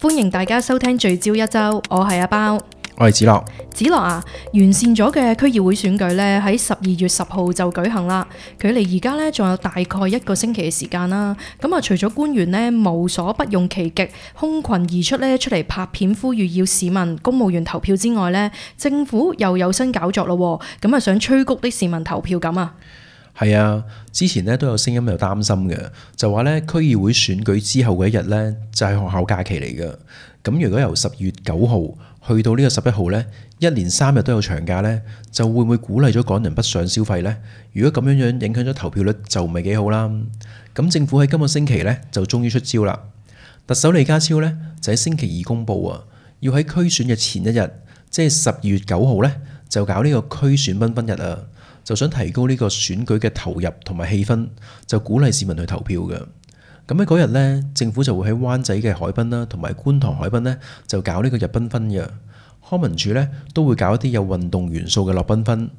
歡迎大家收聽聚焦一周，我係阿包，我係子樂。子樂啊，完善咗嘅區議會選舉呢，喺十二月十號就舉行啦。距離而家呢，仲有大概一個星期嘅時間啦。咁啊，除咗官員呢，無所不用其極，空群而出呢，出嚟拍片呼籲要市民公務員投票之外呢，政府又有新搞作咯。咁啊，想催谷啲市民投票咁啊。係啊，之前咧都有聲音又擔心嘅，就話咧區議會選舉之後嗰一日咧就係學校假期嚟嘅。咁如果由十二月九號去到呢個十一號咧，一連三日都有長假咧，就會唔會鼓勵咗港人北上消費呢？如果咁樣樣影響咗投票率就，就唔係幾好啦。咁政府喺今個星期咧就終於出招啦。特首李家超咧就喺星期二公布啊，要喺區選嘅前一、就是、日，彬彬彬日，即係十二月九號咧就搞呢個區選繽紛日啊！就想提高呢個選舉嘅投入同埋氣氛，就鼓勵市民去投票嘅。咁喺嗰日呢，政府就會喺灣仔嘅海濱啦，同埋觀塘海濱呢，就搞呢個日繽紛嘅。康文署呢，都會搞一啲有運動元素嘅樂繽紛。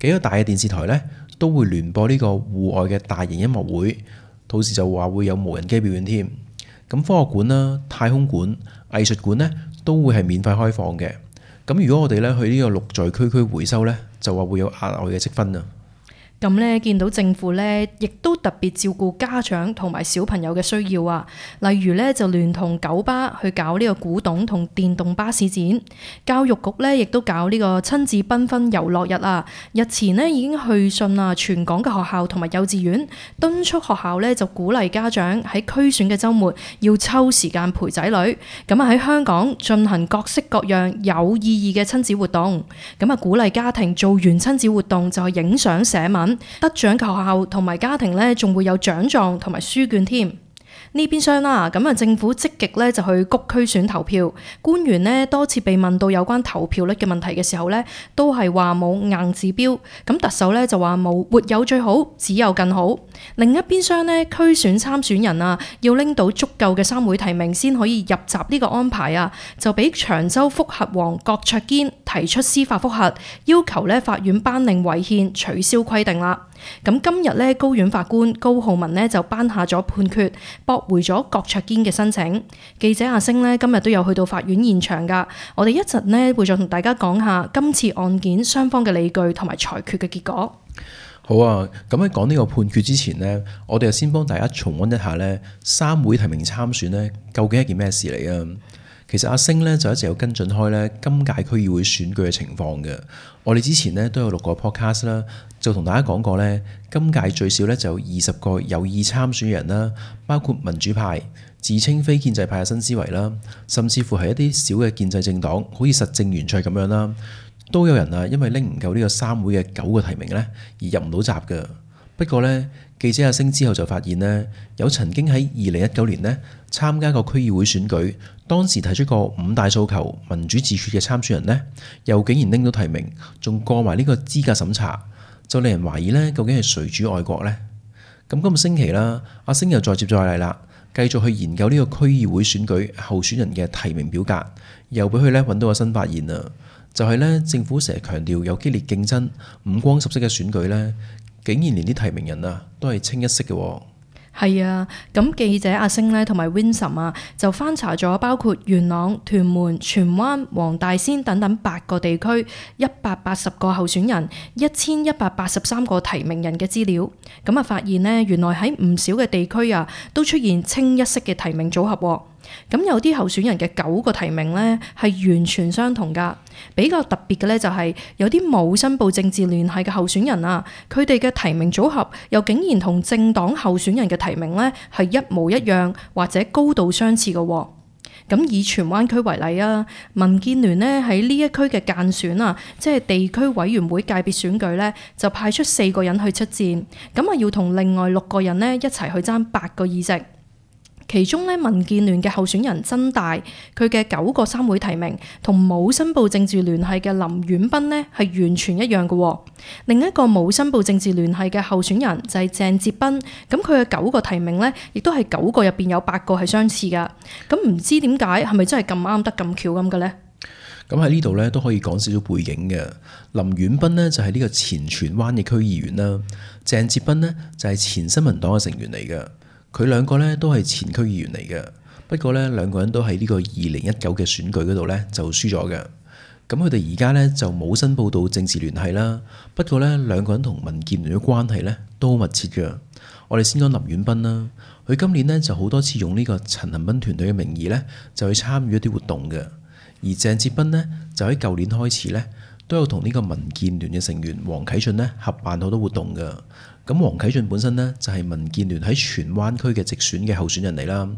幾個大嘅電視台呢，都會聯播呢個戶外嘅大型音樂會。到時就話會有無人機表演添。咁科學館啦、太空館、藝術館呢，都會係免費開放嘅。咁如果我哋呢去呢個綠在區區回收呢。就話會有額外嘅積分啊。咁呢見到政府呢，亦都特別照顧家長同埋小朋友嘅需要啊。例如呢，就聯同九巴去搞呢個古董同電動巴士展。教育局呢亦都搞呢個親子繽紛遊樂日啊。日前呢已經去信啊，全港嘅學校同埋幼稚園，敦促學校呢就鼓勵家長喺區選嘅週末要抽時間陪仔女。咁啊喺香港進行各式各樣有意義嘅親子活動。咁啊鼓勵家庭做完親子活動就去影相寫文。得獎嘅學校同埋家庭咧，仲會有獎狀同埋書卷添。呢邊廂啦，咁啊政府積極咧就去谷區選投票，官員呢多次被問到有關投票率嘅問題嘅時候呢，都係話冇硬指標。咁特首呢就話冇，沒有最好，只有更好。另一邊廂呢區選參選人啊，要拎到足夠嘅三會提名先可以入閘呢個安排啊，就俾長洲覆核王郭卓堅提出司法覆核，要求呢法院頒令違憲取消規定啦。咁今日咧，高院法官高浩文呢就頒下咗判決，駁回咗郭卓堅嘅申請。記者阿星呢今日都有去到法院現場噶，我哋一陣呢會再同大家講下今次案件雙方嘅理據同埋裁決嘅結果。好啊，咁喺講呢個判決之前呢，我哋就先幫大家重溫一下呢，三會提名參選呢究竟係件咩事嚟啊？其實阿星呢就一直有跟進開呢今屆區議會選舉嘅情況嘅，我哋之前呢都有錄過 podcast 啦。就同大家講過，呢今屆最少呢就有二十個有意參選人啦，包括民主派、自稱非建制派嘅新思維啦，甚至乎係一啲小嘅建制政黨，好似實政圓桌咁樣啦，都有人啊，因為拎唔夠呢個三會嘅九個提名呢，而入唔到閘嘅。不過呢，記者阿星之後就發現呢，有曾經喺二零一九年呢參加過區議會選舉，當時提出過五大訴求、民主自決嘅參選人呢，又竟然拎到提名，仲過埋呢個資格審查。就令人懷疑呢，究竟係誰主愛國呢？咁今個星期啦，阿星又再接再厲啦，繼續去研究呢個區議會選舉候選人嘅提名表格，又俾佢咧揾到個新發現啊！就係、是、呢政府成日強調有激烈競爭、五光十色嘅選舉呢，竟然連啲提名人啊都係清一色嘅。係啊，咁記者阿升咧同埋 Vincent 啊，就翻查咗包括元朗、屯門、荃灣、黃大仙等等八個地區、一百八十個候選人、一千一百八十三個提名人嘅資料，咁啊發現呢，原來喺唔少嘅地區啊，都出現清一色嘅提名組合喎。咁有啲候選人嘅九個提名呢，係完全相同噶。比較特別嘅呢、就係，就係有啲冇申報政治聯繫嘅候選人啊，佢哋嘅提名組合又竟然同政黨候選人嘅提名呢，係一模一樣或者高度相似嘅、啊。咁以荃灣區為例啊，民建聯呢喺呢一區嘅間選啊，即係地區委員會界別選舉呢，就派出四個人去出戰，咁啊要同另外六個人呢，一齊去爭八個議席。其中咧，民建聯嘅候選人曾大佢嘅九個三會提名，同冇申報政治聯繫嘅林遠斌咧係完全一樣嘅。另一個冇申報政治聯繫嘅候選人就係鄭捷斌，咁佢嘅九個提名呢，亦都係九個入邊有八個係相似噶啦。咁唔知點解係咪真係咁啱得咁巧咁嘅呢？咁喺呢度呢，都可以講少少背景嘅。林遠斌呢，就係呢個前荃灣嘅區議員啦，鄭捷斌呢，就係前新民黨嘅成員嚟嘅。佢兩個咧都係前區議員嚟嘅，不過咧兩個人都喺呢個二零一九嘅選舉嗰度咧就輸咗嘅。咁佢哋而家咧就冇申報到政治聯繫啦。不過咧兩個人同民建聯嘅關係咧都好密切嘅。我哋先講林婉斌啦，佢今年咧就好多次用呢個陳恒鑌團隊嘅名義咧就去參與一啲活動嘅。而鄭捷彬呢，就喺舊年開始咧都有同呢個民建聯嘅成員黃啟俊咧合辦好多活動嘅。咁黃啟俊本身呢，就係民建聯喺荃灣區嘅直選嘅候選人嚟啦，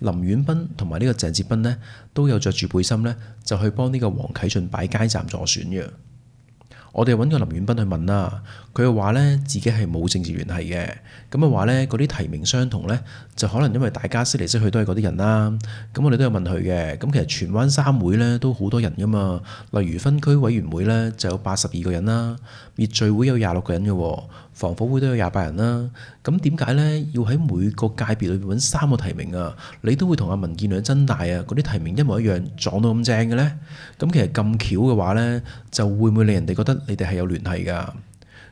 林遠斌同埋呢個鄭志斌呢，都有着住背心呢，就去幫呢個黃啟俊擺街站助選嘅。我哋揾個林遠斌去問啦。佢又話咧，自己係冇政治聯繫嘅。咁啊話咧，嗰啲提名相同咧，就可能因為大家識嚟識去都係嗰啲人啦。咁我哋都有問佢嘅。咁其實荃灣三會咧都好多人噶嘛。例如分區委員會咧就有八十二個人啦，滅罪會有廿六個人嘅，防火會都有廿八人啦。咁點解咧要喺每個界別裏邊揾三個提名啊？你都會同阿文建良、曾大啊嗰啲提名一模一樣，撞到咁正嘅咧？咁其實咁巧嘅話咧，就會唔會令人哋覺得你哋係有聯繫噶？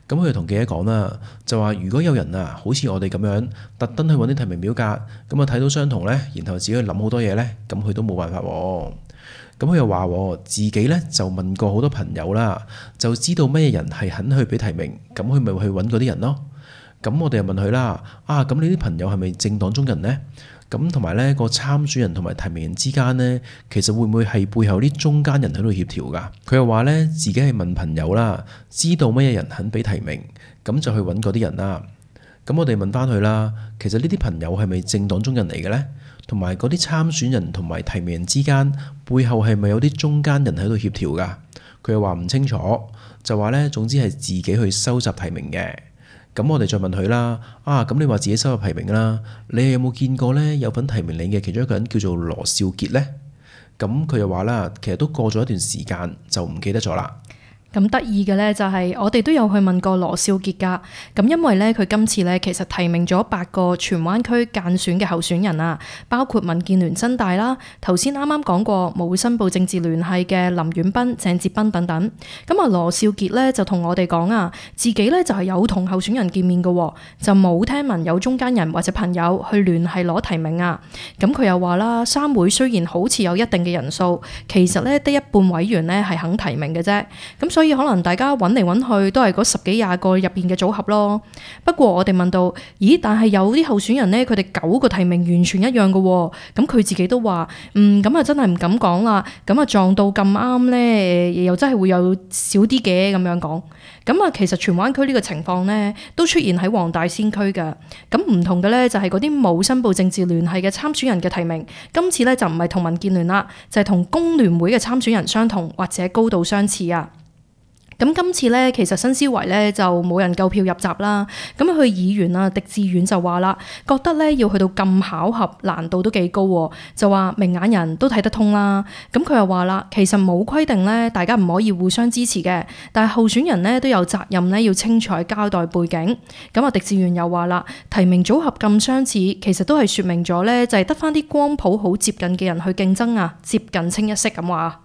咁佢就同記者講啦，就話如果有人啊，好似我哋咁樣，特登去揾啲提名表格，咁啊睇到相同呢，然後自己去諗好多嘢呢，咁佢都冇辦法。咁佢又話自己呢就問過好多朋友啦，就知道咩人係肯去俾提名，咁佢咪去揾嗰啲人咯。咁我哋又問佢啦，啊，咁你啲朋友係咪政黨中人呢？」咁同埋呢個參選人同埋提名人之間呢，其實會唔會係背後啲中間人喺度協調噶？佢又話呢，自己係問朋友啦，知道乜嘢人肯俾提名，咁就去揾嗰啲人啦。咁我哋問翻佢啦，其實呢啲朋友係咪政黨中人嚟嘅呢？同埋嗰啲參選人同埋提名人之間，背後係咪有啲中間人喺度協調噶？佢又話唔清楚，就話呢，總之係自己去收集提名嘅。咁我哋再問佢啦，啊，咁你話自己收入提名啦，你有冇見過呢？有份提名你嘅其中一個人叫做羅少傑呢？咁佢又話啦，其實都過咗一段時間就唔記得咗啦。咁得意嘅咧，就係我哋都有去問過羅少傑㗎。咁因為咧，佢今次咧其實提名咗八個荃灣區間選嘅候選人啊，包括民建聯真大啦。頭先啱啱講過冇申報政治聯繫嘅林遠斌、鄭志斌等等。咁啊，羅少傑咧就同我哋講啊，自己咧就係有同候選人見面嘅，就冇聽聞有中間人或者朋友去聯繫攞提名啊。咁佢又話啦，三會雖然好似有一定嘅人數，其實咧得一半委員咧係肯提名嘅啫。咁所以可能大家揾嚟揾去都係嗰十幾廿個入邊嘅組合咯。不過我哋問到，咦？但係有啲候選人咧，佢哋九個提名完全一樣嘅，咁佢自己都話，嗯，咁啊真係唔敢講啦。咁啊撞到咁啱咧，誒又真係會有少啲嘅咁樣講。咁、嗯、啊，其實荃灣區呢個情況咧都出現喺黃大仙區嘅，咁唔同嘅咧就係嗰啲冇申報政治聯繫嘅參選人嘅提名，今次咧就唔係同民建聯啦，就係、是、同工聯會嘅參選人相同或者高度相似啊。咁今次咧，其實新思維咧就冇人夠票入閘啦。咁去佢議員啊，狄志遠就話啦，覺得咧要去到咁巧合，難度都幾高，啊，就話明眼人都睇得通啦。咁佢又話啦，其實冇規定咧，大家唔可以互相支持嘅。但係候選人咧都有責任咧，要清楚交代背景。咁啊，狄志遠又話啦，提名組合咁相似，其實都係説明咗咧，就係得返啲光譜好接近嘅人去競爭啊，接近清一色咁話。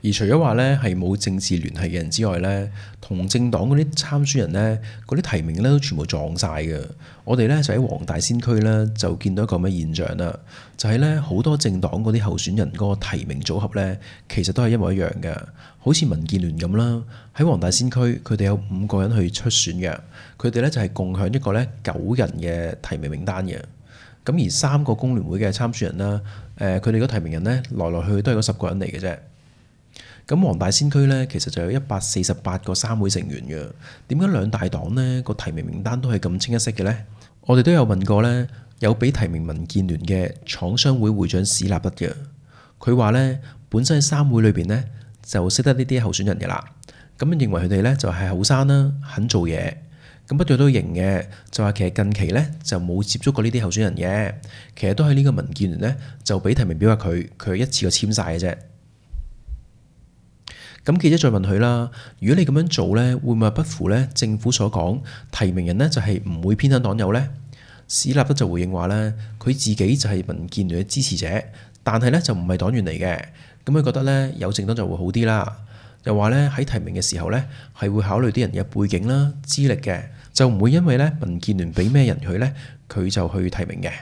而除咗話咧係冇政治聯繫嘅人之外咧，同政黨嗰啲參選人咧，嗰啲提名咧都全部撞晒嘅。我哋咧就喺黃大仙區咧就見到一個咁嘅現象啦，就係咧好多政黨嗰啲候選人嗰個提名組合咧，其實都係一模一樣嘅，好似民建聯咁啦。喺黃大仙區，佢哋有五個人去出選嘅，佢哋咧就係共享一個咧九人嘅提名名單嘅。咁而三個工聯會嘅參選人啦，誒佢哋嗰提名人咧來來去去都係嗰十個人嚟嘅啫。咁黃大仙區咧，其實就有一百四十八個三會成員嘅。點解兩大黨呢個提名名單都係咁清一色嘅呢？我哋都有問過呢，有俾提名民建聯嘅廠商會會長史立德嘅。佢話呢，本身喺三會裏邊呢，就識得呢啲候選人嘅啦。咁認為佢哋呢，就係後生啦，肯做嘢，咁不對都認嘅。就話其實近期呢，就冇接觸過呢啲候選人嘅，其實都係呢個民建聯呢，就俾提名表，佢佢係一次過簽晒嘅啫。咁記者再問佢啦，如果你咁樣做呢，會唔會不符呢？政府所講提名人呢，就係唔會偏袒黨友呢？史立德就回應話呢，佢自己就係民建聯嘅支持者，但係呢，就唔係黨員嚟嘅。咁佢覺得呢，有政黨就會好啲啦，又話呢，喺提名嘅時候呢，係會考慮啲人嘅背景啦、資歷嘅，就唔會因為呢民建聯俾咩人佢呢，佢就去提名嘅。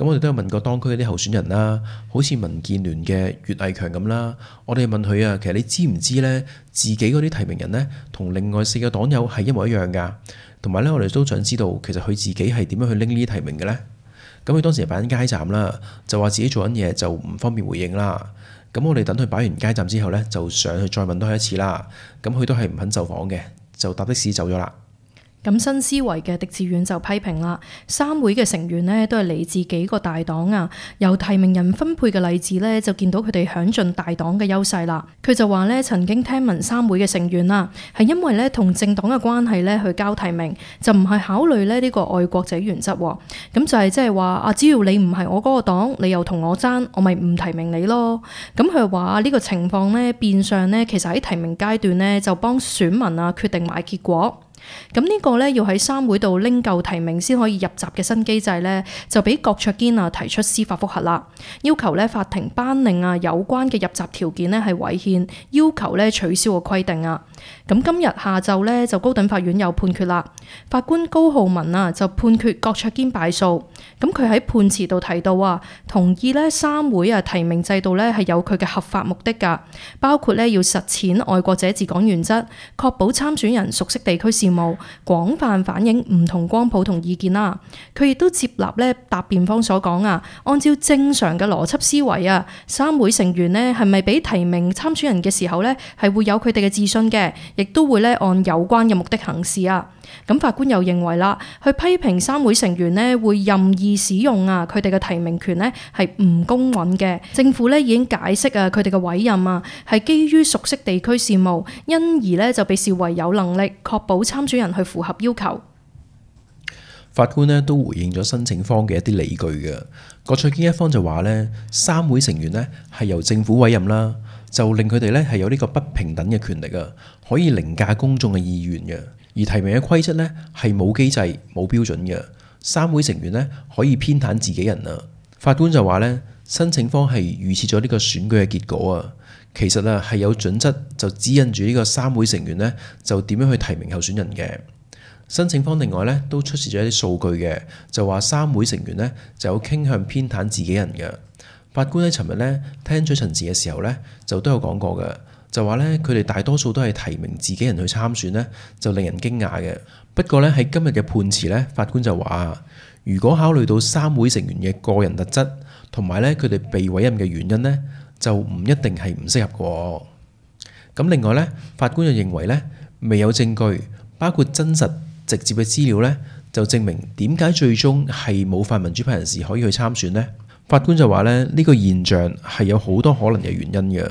咁我哋都有問過當區啲候選人啦，好似民建聯嘅岳毅強咁啦，我哋問佢啊，其實你知唔知呢？自己嗰啲提名人呢，同另外四個黨友係一模一樣噶？同埋呢，我哋都想知道其實佢自己係點樣去拎呢啲提名嘅呢。咁佢當時係擺緊街站啦，就話自己做緊嘢就唔方便回應啦。咁我哋等佢擺完街站之後呢，就上去再問多佢一次啦。咁佢都係唔肯就訪嘅，就搭的士走咗啦。咁新思維嘅狄志遠就批評啦，三會嘅成員呢，都係嚟自幾個大黨啊。由提名人分配嘅例子呢，就見到佢哋享盡大黨嘅優勢啦。佢就話呢，曾經聽聞三會嘅成員啦，係因為呢，同政黨嘅關係呢，去交提名，就唔係考慮咧呢個愛國者原則喎。咁就係即係話啊，只要你唔係我嗰個黨，你又同我爭，我咪唔提名你咯。咁佢話呢個情況呢，變相呢，其實喺提名階段呢，就幫選民啊決定埋結果。咁呢個呢要喺三會度拎夠提名先可以入閘嘅新機制呢，就俾郭卓堅啊提出司法覆核啦，要求呢法庭頒令啊有關嘅入閘條件呢係違憲，要求呢取消個規定啊。咁今日下晝呢，就高等法院又判決啦，法官高浩文啊就判決郭卓堅敗訴。咁佢喺判詞度提到啊，同意呢三會啊提名制度呢係有佢嘅合法目的㗎，包括呢要實踐愛國者治港原則，確保參選人熟悉地區事務，廣泛反映唔同光譜同意見啦。佢亦都接納答辯方所講啊，按照正常嘅邏輯思維啊，三會成員呢係咪俾提名參選人嘅時候呢係會有佢哋嘅自信嘅？亦都會咧按有關嘅目的行事啊！咁法官又認為啦，去批評三會成員呢會任意使用啊，佢哋嘅提名權呢係唔公允嘅。政府呢已經解釋啊，佢哋嘅委任啊係基於熟悉地區事務，因而呢就被視為有能力確保參選人去符合要求。法官呢都回應咗申請方嘅一啲理據嘅。郭卓堅一方就話呢，三會成員呢係由政府委任啦，就令佢哋呢係有呢個不平等嘅權力啊。可以凌駕公眾嘅意願嘅，而提名嘅規則呢係冇機制、冇標準嘅。三會成員呢可以偏袒自己人啊！法官就話呢，申請方係預設咗呢個選舉嘅結果啊，其實啊係有準則就指引住呢個三會成員呢就點樣去提名候選人嘅。申請方另外呢都出示咗一啲數據嘅，就話三會成員呢就有傾向偏袒自己人嘅。法官喺尋日呢聽取陳詞嘅時候呢，就都有講過嘅。就話咧，佢哋大多數都係提名自己人去參選咧，就令人驚訝嘅。不過咧，喺今日嘅判詞咧，法官就話，如果考慮到三會成員嘅個人特質同埋咧佢哋被委任嘅原因咧，就唔一定係唔適合嘅。咁另外咧，法官就認為咧，未有證據，包括真實直接嘅資料咧，就證明點解最終係冇泛民主派人士可以去參選咧。法官就話咧：呢、呢個現象係有好多可能嘅原因嘅，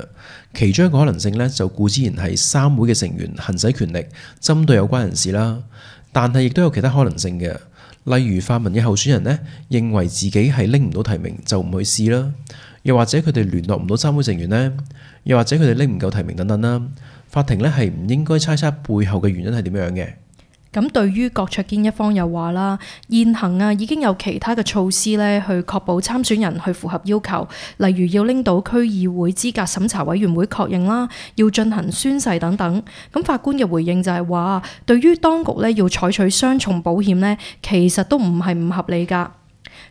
其中一個可能性呢，就固之然係三會嘅成員行使權力針對有關人士啦，但係亦都有其他可能性嘅，例如泛民嘅候選人呢，認為自己係拎唔到提名就唔去試啦，又或者佢哋聯絡唔到三會成員呢，又或者佢哋拎唔夠提名等等啦。法庭呢，係唔應該猜測背後嘅原因係點樣嘅。咁對於郭卓堅一方又話啦，現行啊已經有其他嘅措施咧，去確保參選人去符合要求，例如要拎到區議會資格審查委員會確認啦，要進行宣誓等等。咁法官嘅回應就係話，對於當局咧要採取雙重保險咧，其實都唔係唔合理㗎。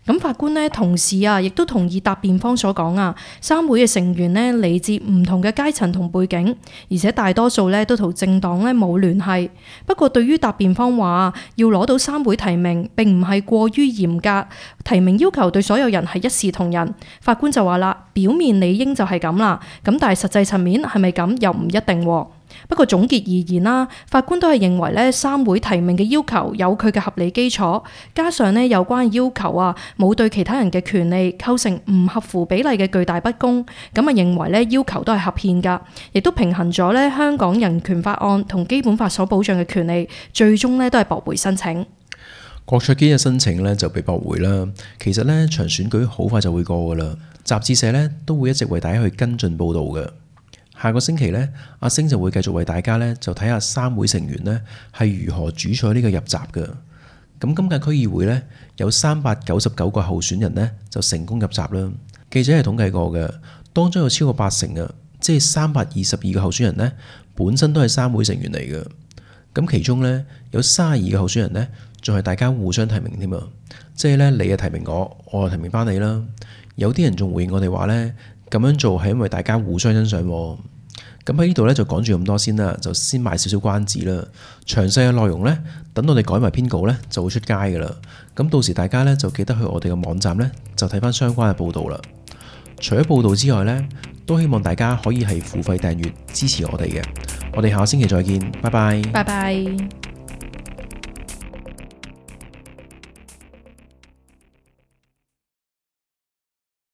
咁法官呢，同時啊，亦都同意答辯方所講啊，三會嘅成員呢，嚟自唔同嘅階層同背景，而且大多數呢，都同政黨呢冇聯繫。不過，對於答辯方話要攞到三會提名並唔係過於嚴格，提名要求對所有人係一視同仁，法官就話啦，表面理應就係咁啦，咁但係實際層面係咪咁又唔一定喎。不過總結而言啦，法官都係認為咧三會提名嘅要求有佢嘅合理基礎，加上咧有關要求啊，冇對其他人嘅權利構成唔合乎比例嘅巨大不公，咁啊認為咧要求都係合憲噶，亦都平衡咗咧香港人權法案同基本法所保障嘅權利，最終咧都係駁回申請。郭卓堅嘅申請咧就被駁回啦。其實咧場選舉好快就會過噶啦，雜誌社咧都會一直為大家去跟進報道嘅。下個星期咧，阿星就會繼續為大家咧就睇下三會成員咧係如何主宰呢個入閘嘅。咁今屆區議會咧有三百九十九個候選人咧就成功入閘啦。記者係統計過嘅，當中有超過八成啊，即係三百二十二個候選人咧本身都係三會成員嚟嘅。咁其中咧有卅二個候選人咧仲係大家互相提名添啊，即係咧你係提名我，我係提名翻你啦。有啲人仲回應我哋話咧。咁樣做係因為大家互相欣賞喎。咁喺呢度呢，就講住咁多先啦，就先賣少少關子啦。詳細嘅內容呢，等到你改埋編稿呢，就會出街噶啦。咁到時大家呢，就記得去我哋嘅網站呢，就睇翻相關嘅報道啦。除咗報道之外呢，都希望大家可以係付費訂閱支持我哋嘅。我哋下星期再見，拜拜。拜拜。